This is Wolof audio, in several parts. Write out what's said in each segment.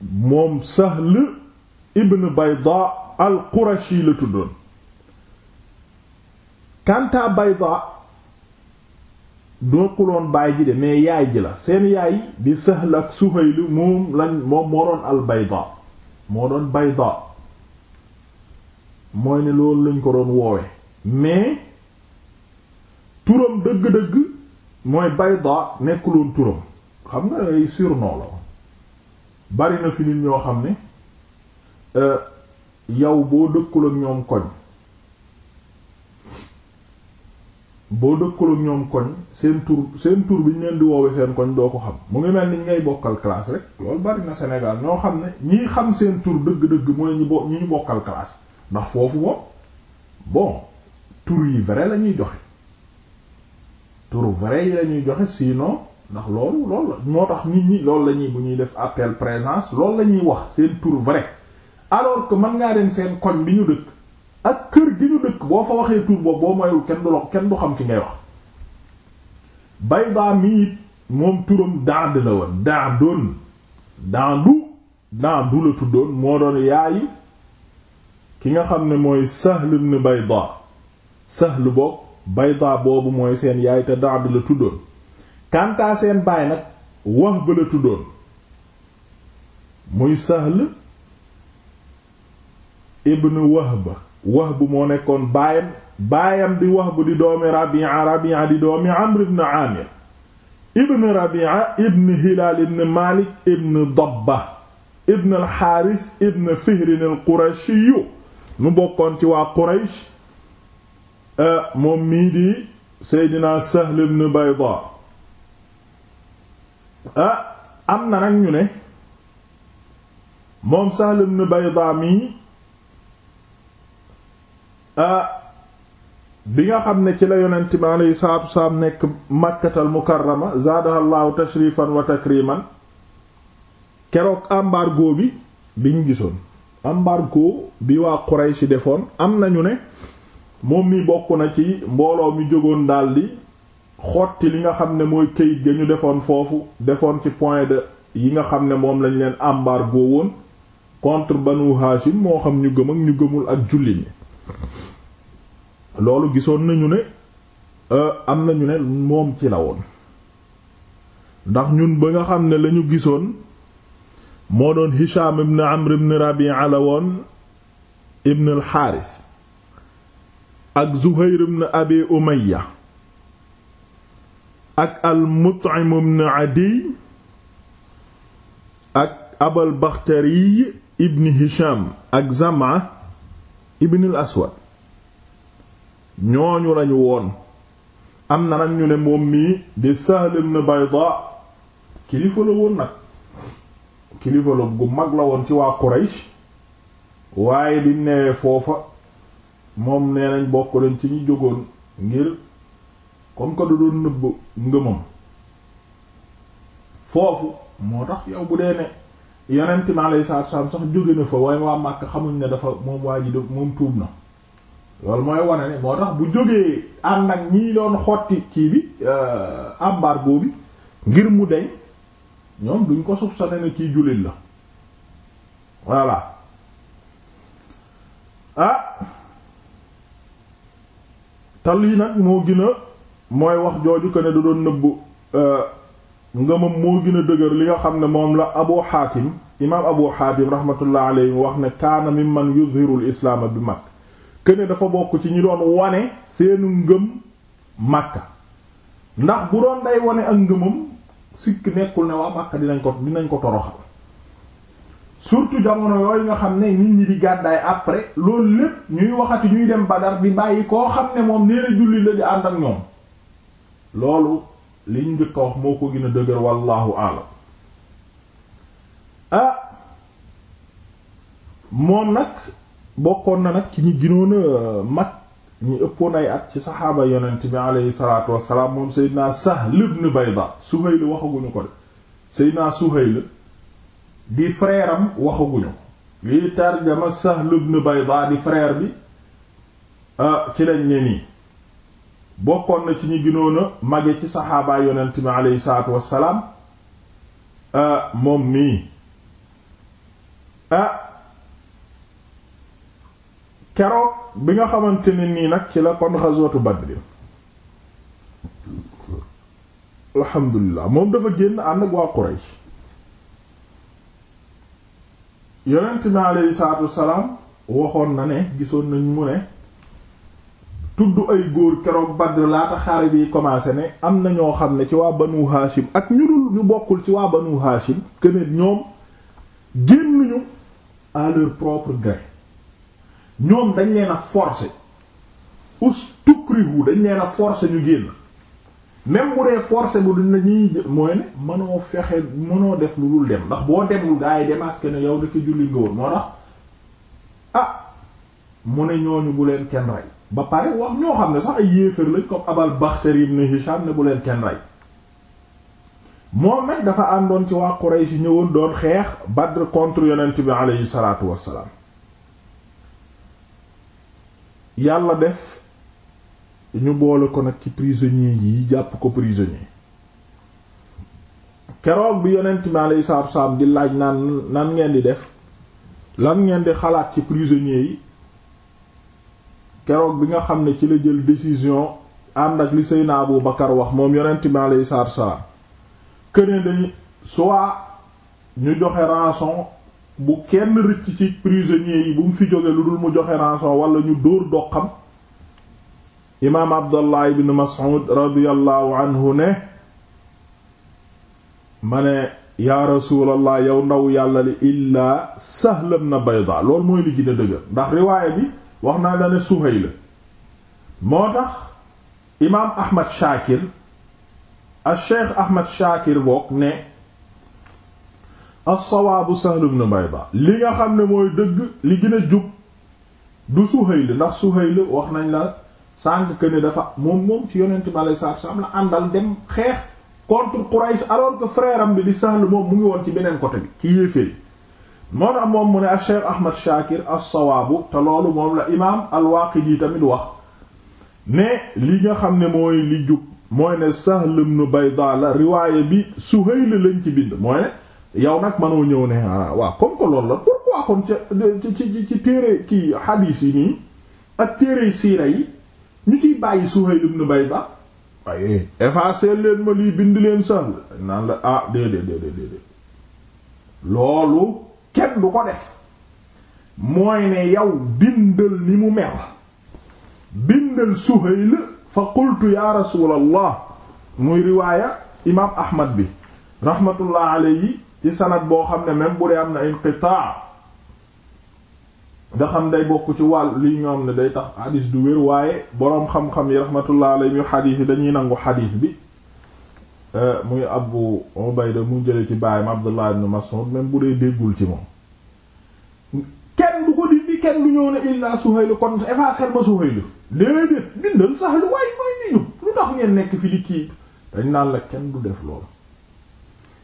moom Sahl ibn Bayda al-Qurashi la tuddoon kanta Bayda dookuloon baay ji de mais yaay ji la seen yaay bi Sahl ak Suhayl moom lañ moom moo doon al-Bayda moo doon Bayda mooy ne loolu lañ ko doon woowe mais turam dëgg-dëgg mooy Bayda nekkuloon turam xam nga ay surnom bari na fi nit ñoo xam ne euh, yow boo dëkkul ak ñoom koñ boo dëkkul ñoom koñ seen tur seen tur bi ñu leen di woowe seen koñ doo ko xam mu ngi mel ni ngay bokkal classe rek loolu bari na Sénégal ñoo xam ne ñiy xam seen tur dëgg-dëgg mooy ñi bo ñi ñu bokkal classe ndax foofu moom bon tur yi vrai la ñuy joxe tur vrai yi la ñuy joxe sinon ndax loolu loolu la moo tax nit ñi loolu la ñuy bu ñuy def appel présence loolu la ñuy wax seen tur vrai alors que mën ngaa dem seen koñ bi ñu dëkk ak kër gi ñu dëkk boo fa waxee tur boobu boo mayul kenn du la kenn du xam ngay wax Bayda mi moom turam dand la woon dandoon dandu dandu la tuddoon moo doon yaayi ki nga xam ne mooy Sahl ibn Bayda Sahl boobu Bayda boobu mooy seen yaay te dand la tuddoon kantaa seen baay nag wax ba la tuddoon muy Sahl ibn Wahb Wahb moo nekkoon baayam baayam di Wahb di doomi Rabi'a Rabi'a di doomi Amr ibn Amir ibn Rabi'a ibn Hilal ibn Malik ibn Dabba ibn al ibn Fihr al-Qurashi bokkoon ci waa Quraysh eh, moom mii di Seydina Sahl ibn Bayda Ah, am na nag ñu ne moom Sahl ibn Bayda mi ah, bi nga xam ne ci la yonent bi alayhi salaatu wasalaam nekk Makkatal Mukarrama zaadaha llaahu tashrifan wa takriman keroog àmbargo bi bi ñu gisoon embargo bi waa Quraysh defoon am nañu ne moom mi bokk na ci mbooloo mi jógoon daldi xotti li nga xam ne mooy këyit ga ñu defoon foofu defoon ci point de yi nga xam ne moom lañ leen embargo woon contre banu Hashim moo xam ñu gëm ñu gëmul ak julli ñi loolu gisoon nañu ne euh, am nañu ne moom ci la ndax ñun ba nga xam ne lañu gisoon moo doon Hisham ibn Amr ibn Rabi'a la woon ibn al-Harith ak Zuhayr ibn Abi Umayya ak al Mut'im ibn Adiy ak Abal Bakhtari ibn Hisham ak Zama ibn al Aswad ñooñu lañu woon am na nag ñu ne moom mii di Sahl ibn Bayda kilifa la woon nag kilifa la gu mag la woon ci waa Quraysh waaye bi newee foofa moom nee nañ bokk leen ci ñu jógoon ngir comme ko da doon nëbb ngëmam foofu moo tax yow bu dee ne yonent mi alayhi salaatu wasallam sax jóge na fa waaye waa Màkka xamuñ ne dafa moom waa ji moom tuub na loolu mooy wane ne moo tax bu jógee ànd ak ñii doon xotti kii bi euh, embargo bi ngir mu deñ ñoom duñ ko soupçonné ne kii jullit la voilà ah te nag moo gën a mooy wax jooju këne ne da doon nëbbu euh, ngëmam moo gën a dëgër li nga xam ne moom la abu xaatim imaam abu xaatim rahmatullah alayhi wax ne kaana mimman yuzhirul islaama bi makk këne dafa bokk ci ñi doon wane seenu ngëm makka ndax bu doon day wane ak ngëmam sikk nekkul ne waa makka dinañ ko dinañ ko toroxal surtout jamono yooyu nga xam ne ñu ñi di gàddaay après loolu lépp ñuy waxati ñuy dem badar bi bàyyi koo xam ne moom nee na julli la di ànd ak ñoom loolu li ñu njëkk a wax moo ko gën a dëgër wallahu alam ah moom nag bokkoon na nag ci ñu gënoon a mag ñu ëppoon ay at ci saxaaba yonent bi aleyhi salaatu wassalaam moom Seydina Sahl ibn Bayda Suhayl waxaguñu ko de Seydina Suhayl di frère am waxaguñu lii tarjama Sahl ibn Bayda di frère bi ah ci lañ ne bokkoon na ci ñi gënoon a ci saxaabaay yonent bi aleyhi salaatu wassalaam ah, moom mii ah keroog bi nga xamante ne nii nag ci la kon xaswatu Badr alhamdulilah moom dafa génn ànd ak waa Quraysh yonent bi aleyhi salaatu wassalaam waxoon na ne gisoon nañ mu ne tudd ay góor keroog Badr laata xare bi commencé ne am na ñoo xam ne ci waa Banu Hashim ak ñu dul ñu bokkul ci waa Banu Hashim que ne ñoom génnuñu à leur propre gré ñoom dañ leen a forcer ustukrihu dañ leen a forcer ñu génn même bu dee forcer bu dina ñuy mooy ne mënoo fexe mënoo def lu dul dem ndax boo demul gaa yi démasqué ne yow da ko julli nga woon moo tax ah mu ne ñooñu bu leen kenn rey. ba pare wax ñoo xam ne sax ay yéefar lañ comme abal Bakhtari ibn Hisham ne bu leen kenn rey moom nag dafa àndoon ci waa Quraysh ñëwoon doon xeex Badr contre yonent bi aleyhi salaatu wassalaam yàlla def ñu boole ko nag ci prisonnier yi jàpp ko prisonnier keroog bi yonent bi aleyhi salaatu di laaj naan nan ngeen di def lan ngeen di xalaat ci prisonnier yi keroog bi nga xam ne ci la jël décision ànd ak li Seydina Abu Bakar wax moom yonent bi alayhi salaatu salaam këne dañu soit ñu joxe rançon bu kenn rëcc ci prisonniers yi bu mu fi jóge lu dul mu joxe rançon wala ñu dóor doqam imaam Abdallah ibn Mas'ud radiyallahu anhu ne ma ne yaa rasulallah yow ndaw yàlla li illaa Sahl na Bayda lool mooy li gën a ndax riwaaya bi wax naa la ne Suhayl moo tax imaam Ahmad Shaakir al Cheikh Ahmad Shaakir boog ne as-sawaabu Sahl ibn ba li nga xam ne mooy dëgg li gën a jub du Suhayl ndax Suhayl wax nañ la sànq que dafa moom moom ci yonent bi alayhi salaatu salaam na àndal dem xeex contre Quraysh alors que frère am bi di Sahl moom mu ngi woon ci beneen côté bi ci yéeféer moo tax moom mu ne ak Cheikh Ahmad Shakir as-sawaabu te loolu moom la imaam al-Waaqidi tamit wax ne li nga xam ne mooy li jub mooy ne Sahl ibn Bayda la riwaaye bi Suhayl lañ ci bind mooy ne yow nag mënoo ñëw ne ah waaw comme que loolu la pourquoi kon ci ci téere kii xadiis yi nii ak téere siira yi ñu ciy bàyyi Suhayl ibn Bayda waaye effacer leen ma lii bind leen Sahl naan la ah déedéet déedéet déedéet loolu. kenn du ko def mooy ne yow bindal ni mu mel bindal Suhayl fa qultu ya rasulallah muy riwaaya imaam Ahmad bi rahmatullah alayhi ci sanad boo xam ne même bu dee am na inqitaa nga xam day bokk ci wàll li ñoom ne day tax xadiis du wér waaye boroom xam-xam yi rahmatullah alayhi yu xadiis yi dañuy nangu xadiis bi Euh, muy Abu Ubayda mu jële ci baayam Abdullah ibn Mas'ud même bu dee déggul ci moom kenn du ko dindi kenn du ñëw ne illaa Suhayl kon effacer ba Suhayl déedéet bindal sax lu waay mooy niñu lu tax ngeen nekk fi di kii dañ naan la kenn du def loolu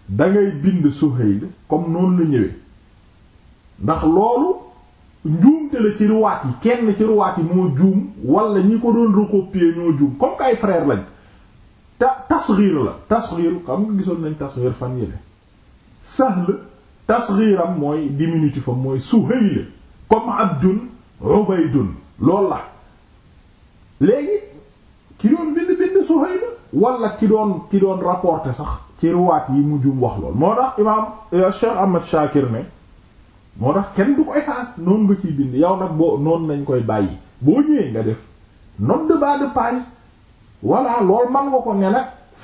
dangay bind Suhayl comme noonu la ñëwee ndax loolu njuumte la ci ruwaat yi kenn ci ruwaat yi moo juum wala ñi ko doon recopier ñoo juum comme kay frère lañ ta tasxiir la tasxiir xam nga gisoon nañ tasxiir fan yële Sahl tasxiiram mooy diminutif am mooy Suhayl comme abdun ubaydun loolu la léegi ki doon bind bind Suhayl wala ki doon ki doon rapporter sax ci riwaat yi mu juum wax lool moo tax imaam eh, Cheikh Ahmad Shakir ne moo tax kenn du ko efface noonu nga ciy bind yow nag boo noonu nañ koy bàyyi boo ñëwee nga def note de bas voilà loolu man nga ko ne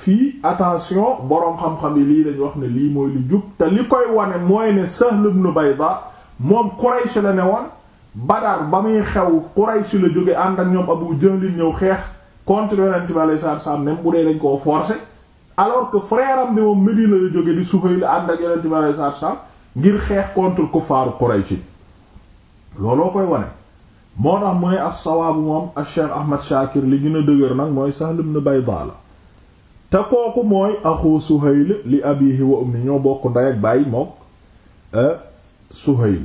fii attention boroom xam-xam yi lii dañu wax ne lii mooy lu jub te li koy wane mooy ne Sahl ibn ba moom Quraysh la ne woon Badar ba muy xew Quraysh la jóge ànd ak ñoom Abu Jahl ñëw xeex contre Yonent bi alayhi salaatu salaam même bu dee dañ koo forcer alors que frère am bi moom Medina la jóge di Suhayl ànd ak Yonent bi alayhi salaatu salaam ngir xeex contre kuffaaru Quraysh looloo koy wane. moo tax mu ne as-sawaabu moom as-Cheikh Ahmad Shakir li gën dëgër nag mooy Sahl ibn Bayda te kooku mooy axu Suhayl li abiihi wa ummi ñoo bokk ndey ak baay mook eh, Suhayl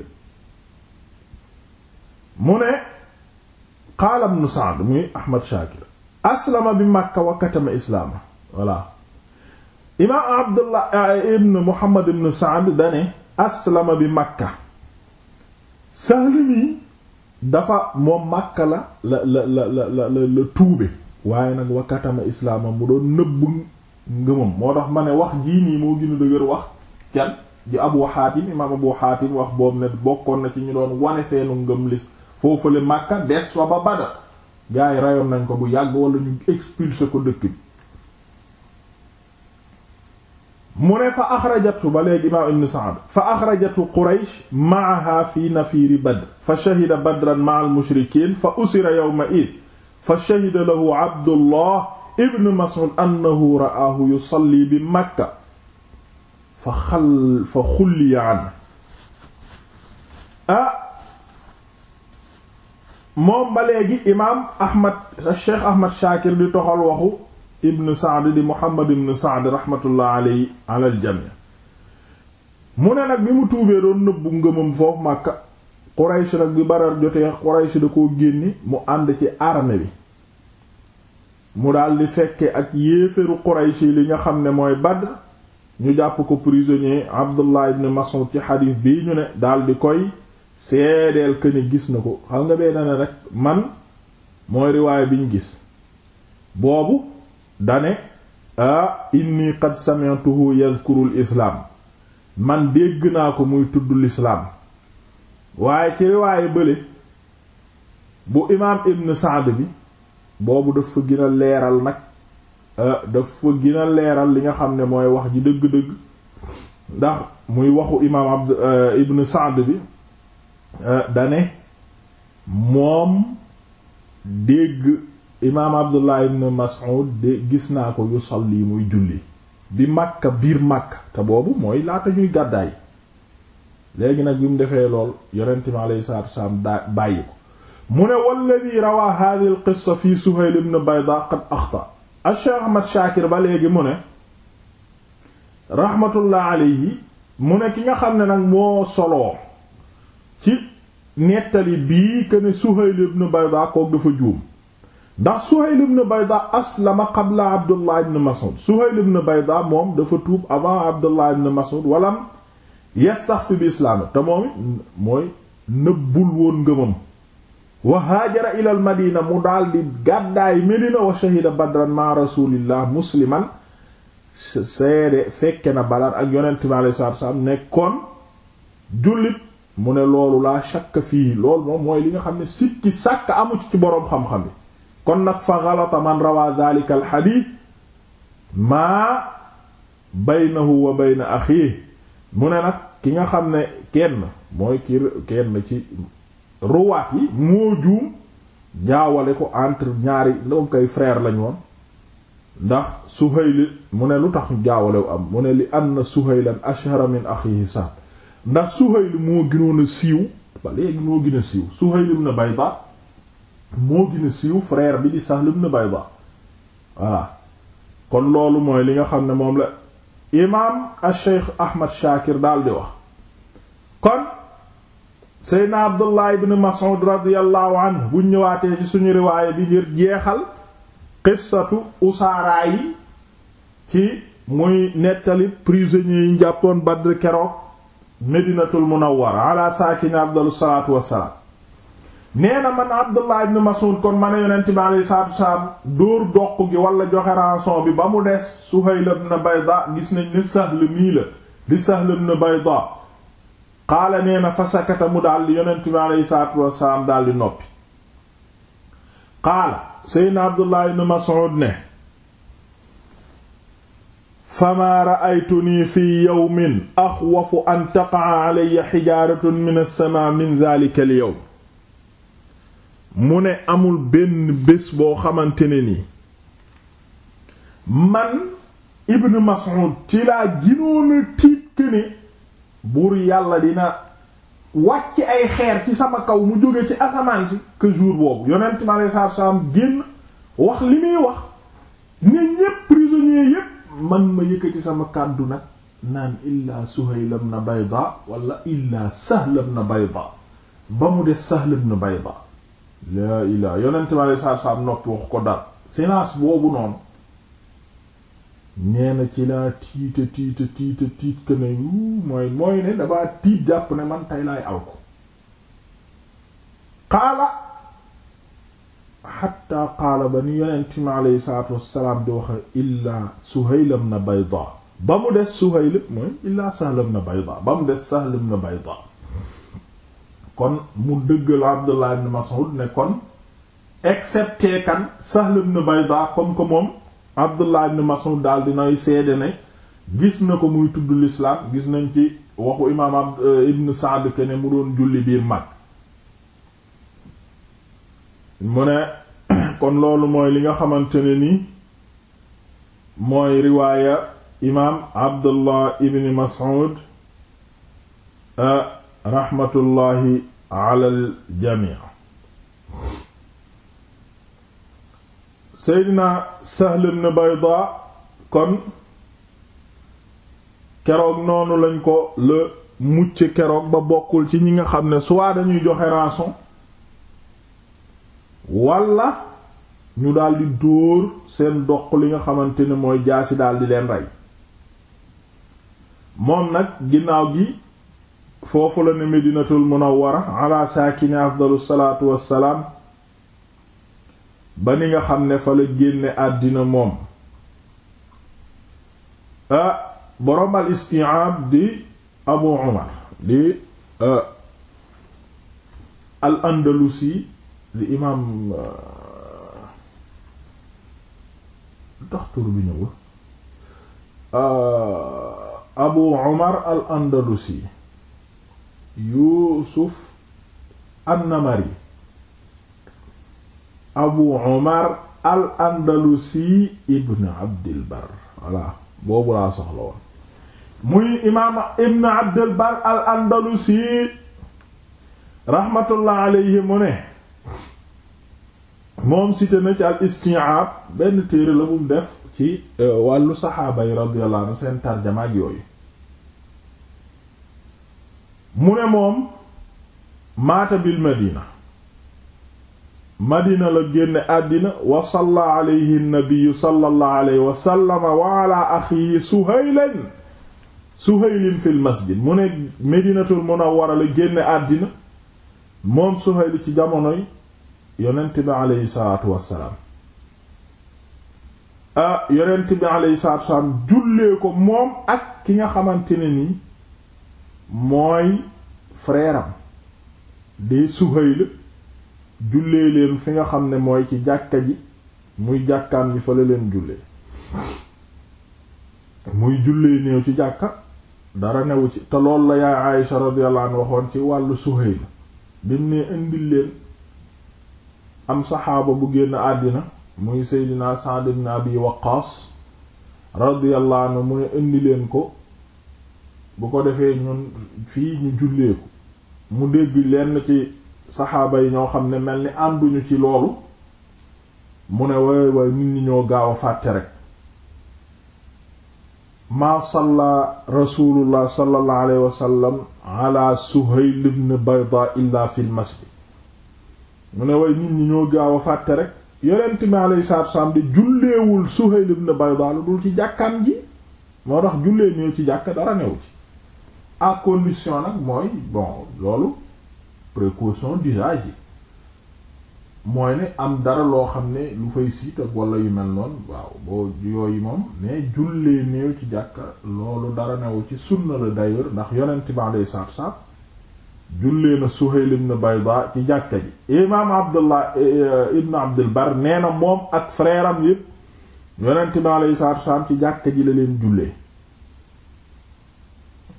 mu ne qaala ibn Sa'd muy Ahmad Shakir aslama bi Makka wa katama islaama voilà imaam Abdullah eh, ibn Muhammad ibn Sa'd dane aslama bi Makka Sahl mi dafa moom Makka la la la la la la tuube waaye nag wa katama islaamam mu doon nëbb ngëmam moo tax ma ne wax jii nii moo gën a dëgër wax kenn di Abu Hatim imaam Abu Hatim wax boobu ne bokkoon na ci ñu doon wane seenu ngëm foofu foofale Makka des wa ba Badar gars yi rayoon nañ ko bu yàgg wala ñu expulsé ko dëkk bi mu ne fa axrajatu ba léegi imaam ibn Sa'd fa axrajatu Quraysh ma'aha fi nafiiri Badr fa shahida Badran ma'al mushrikiin fa usira yawma'id fa shahida lahu Abdullah ibn Mas'ud annahu ra'aahu yusalli bi Makka fa xal fa xulliya anhu ah moom ba léegi imaam Ahmad Cheikh Ahmad Shaakir di toxal waxu ibn Saad di mu ne nag bi mu tuubee doon nëbbu ngëmam foofu Makka Quraysh nag bi Badar jotee Quraysh da koo génne mu ànd ci armée bi mu daldi fekke ak yéeféru Quraysh li nga xam ne mooy Badr ñu jàpp ko prisonnier Abdullah ibn Mas'ud ci xadiis bii ñu ne daldi koy seedeel que gis na ko xam nga benn ne rek man mooy riwaay bi ñu gis boobu dane ah inni qad sami'tuhu yazkuru man dégg naa ko muy tudd lislaam waaye ci riwaaye bële bu imaam ibn Sa'd bi boobu daf fa gën leeral nag daf fa leeral li nga xam ne mooy wax ji dëgg-dëgg ndax muy waxu imaam abd ibn bi dane moom dégg imaam abdullah ibn mas'ud de gis naa ko yusalli muy julli bi makka biir makka te boobu mooy laata ñuy gàddaay léegi nag bi mu defee lool yonent mi alayhi salaatu wasalaam daa bàyyi ko mu ne walladi rawaa hadhihi qissa fi suhayl ibn bayda qad axta acheikh ahmad shaakir ba léegi mu ne rahmatullah alayhi mu ne ki nga xam ne nag moo soloo ci nettali bii que ne suhayl ibn bayda koog dafa juum ndax Suhayl ibn Bayda aslama qabla Abdullah ibn Mas'ud Suhayl moom dafa tuub avant Abdullah ibn Mas'ud walam yastaxfi bi islaami te moom it mooy nëbbul woon ngëmam wa haajara ila al madina mu daal di gàddaay Medina wa shahida badran ma musliman seede fekke na Badar ak yonent bi alayhi nekkoon jullit mu ne loolu laa shakk fii loolu moom mooy li nga xam ne sikki sàkk amu ci boroom xam-xam yi kon nag fa xalata man rawaa dhalika al xadiis maa baynahu wa bayna axiihi mu ne nag ki nga xam ne kenn mooy ki kenn ci ruwaat yi moo juum jaawale ko entre ñaari ndom koy frère lañ woon ndax Suhayl mu ne lu tax jaawale am mu ne li anna Suhaylan ashhara min axiihi Sahl ndax Suhayl moo gënoon a siiw ba léegi moo gën a siiw Suhayl ibn Bayda moo gën a siiw frère bi di Sahl ibn Bayda voilà kon loolu mooy li nga xam ne moom la imaam a shaykh Ahmad Shaakir daal di wax kon seydna Abdullah ibn Mas'ud radiyallahu anhu bu ñëwaatee ci suñu riwaaya bi ngir jeexal qissatu usaaraa yi ci muy nettali prisonniers yi njàppoon Badr keroog Medinatul Munawwara ala saakini afdalu salaatu wassalaam nee na man Abdullah ibn Mas'ud kon man a yonent bi doq gi wala joxe bi ba mu des Suhayl ibn Bayda gis nañ ne Sahl mii di Sahl ibn Bayda qaala nee na fa sakata mu daal di yonent bi alayhi salaatu wasalaam daal di noppi qaala seydna Abdullah ibn Mas'ud ne famaa ra'aytunii fii yawmin axwafu an taqa'a alayya hijaaratun mina as-samaa'i min dhaalika al mu ne amul benn bés boo xamante ne ni man Ibn Mas'ud ci laa ginoona tiit ke ne buur yàlla dina wàcc ay xeer ci sama kaw mu jóge ci asamaan si que jour boobu yonent mi alei salaatu salaam génn wax li muy wax ne ñépp prisonnier yépp man ma ci sama kàddu nag naan illaa Suhayl ibn Bayda wala illaa Sahl ibn Bayda ba mu des Sahl ibn Bayda laa ilaa yonent ma lay saab saab noppi wax ko dara silence boobu noonu nee na ci laa tiita tiita tiita tiit que ne mooy mooy ne damaa tiit jàpp ne man tey laay aw ko xaala xatta xaala ba ni yonent mi aleyhi salaatu wassalaam di waxe su suhaylam na bayda ba mu des suhaylam mooy na bayda ba mu des sahlam na bayda kon mu dëgg la Abdullah ibn Mas'ud ne kon excepté kan Sahl ibn Bayda comme que moom Abdullah ibn Mas'ud daal dinay seede ne gis na ko muy tudd l'islam gis nañ ci waxu imaam euh, kon loolu li nga xamante ne ni mooy riwaaya Abdullah ibn Mas'ud euh, raxmatullahi alal jamii seydina Sahl ibn Bayda kon keroog noonu lañ ko la mucc keroog ba bokkul ci ñi nga xam ne soit ñuy joxe rançon walla ñu daldi dóor seen dox li nga xamante ne mooy jaasi daldi leen rey moom nag ginnaaw gi foofu la ne medinatul munawwara ala saakini afdalu salaatu wassalaam ba ni nga xam ne fa la génne àddina moom ah boroom al isti'ab di abu umar di ah, al andalusi di imaam ah, tax tur bi ñëwul ah, abu umar al andalusi yuusuf annamari abu omar al andalusi ibn abdil bar voilà boobu laa soxla woon muy imaam ibn abdil al andalusi rahmatullah alayhi mu ne moom cité ci al isti'ab benn téere la mu def ci euh, wàllu saxaaba yi radiyallahu anhu seen tarjama yooyu mu ne moom maata bil madina madina la génne àddina wa salla alayhi nabiyu sallallahu alayhi wa sallama wa ala axihi suhaylan suhaylin fil masjid mu ne madinatul munawwara la génne àddina moom suhayli ci jamonoy yonent bi alayhi salaatu wassalaam ah jullee ko moom ak ki nga xamante ne nii mooy frère di Suhayl jullee leen fi nga xam ne mooy ci jàkka ji muy jàkkaan ji fa la leen jullee muy jullee néew ci jàkka dara newu ci te loolu la yaay Aïsha radiyallahu waxoon ci wàllu Suhayl bim ne indil leen am saxaaba bu génn àddina muy Seydina Sa'd ibn Abi radiyallahu mu ne indi leen ko bu ko defee ñun fii ñu julleeku mu dégg lenn ci saxaaba yi ñoo xam ne mel ni ànduñu ci loolu mu ne way way nit ñi ñoo gaaw a fàtte rek maa salla rasulullah sallallahu alayhi wasallam ala suhayl ibn bayda illa fil masjid mu ne way nit ñi ñoo gaaw a fàtte rek yonent mi alayhi salaatu wasallam di julleewul suhayl ibn bayda lu dul ci jàkkaam ji moo tax jullee ñoo ci jàkk dara new ci à condition nag mooy bon loolu précaution d'usage yi mooy ne am dara loo xam ne lu fay siit ak wala yu mel noonu waaw boo yooyu moom mais jullee néew ci jàkka loolu dara new ci sunna la d'ailleurs ndax yonent ban day saab-saab jullee na Suhayl ibn Bayda ci jàkka ji imam Abdullah eh, eh, ibn Abdul nee na moom ak frère am yépp yonent ban lay saab-saab ci jàkka ji la leen jullee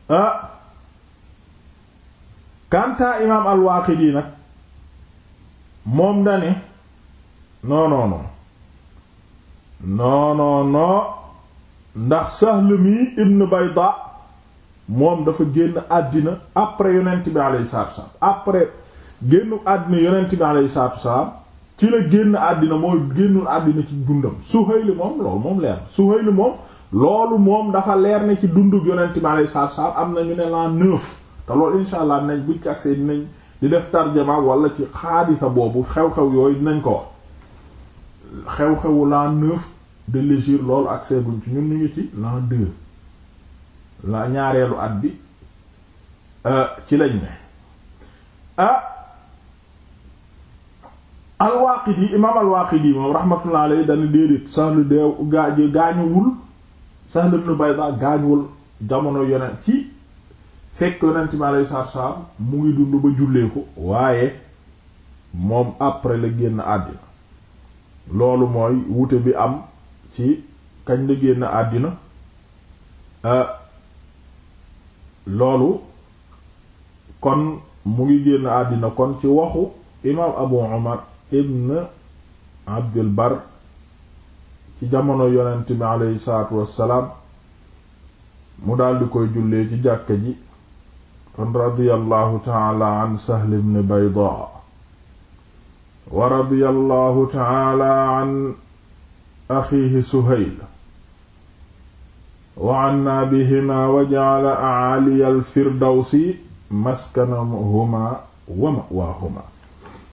ah kanta imaam al-Waaqidi nag moom dane non non ndax Sahl mi ibn Bayda moom dafa génn àddina après yonent bi alayhi salaatu salaam après génnu àddina yonent bi alayhi salaatu salaam ci la génn àddina mooy génnul àddina ci dundam Suhayl moom loolu moom leer Suhayl moom loolu moom dafa leer ne ci dundu yonent bi alayhi salaatu am na ñu ne l'an neuf te loolu insha allah nañ buñ ci accès dinañ di def tarjama wala ci xaadisa boobu xew-xew yooyu dinañ ko wax xew-xewu l'an neuf de l'hégire loolu accès buñ ci ñun ñu ci l'an deux la ñaareelu at bi euh, ci lañ ne ah al-Waaqidi imaam al-Waaqidi moom rahmatullah dana déedéet sax lu deew gaañuwul Sahl ibn Bayda gaañuwul jamono yonent ci fekk yonent bi alayhi salaatu mu ngi dund ba jullee ko waaye moom après la génn àddina loolu mooy wute bi am ci kañ la génn àddina euh, loolu kon mu ngi génn àddina kon ci waxu imaam Abu Umar ibn Abdul ci jamono yonent bi aleyhi salaatu wassalaam mu daldi koy jullee ci jàkka ji kon radiyallahu taala an Sahl ibn Bayda wa radiyallahu taala an axiihi Suhayl wa anna bihima wa ja'ala a'aliya al-firdawsi maskanahuma wa ma'waahuma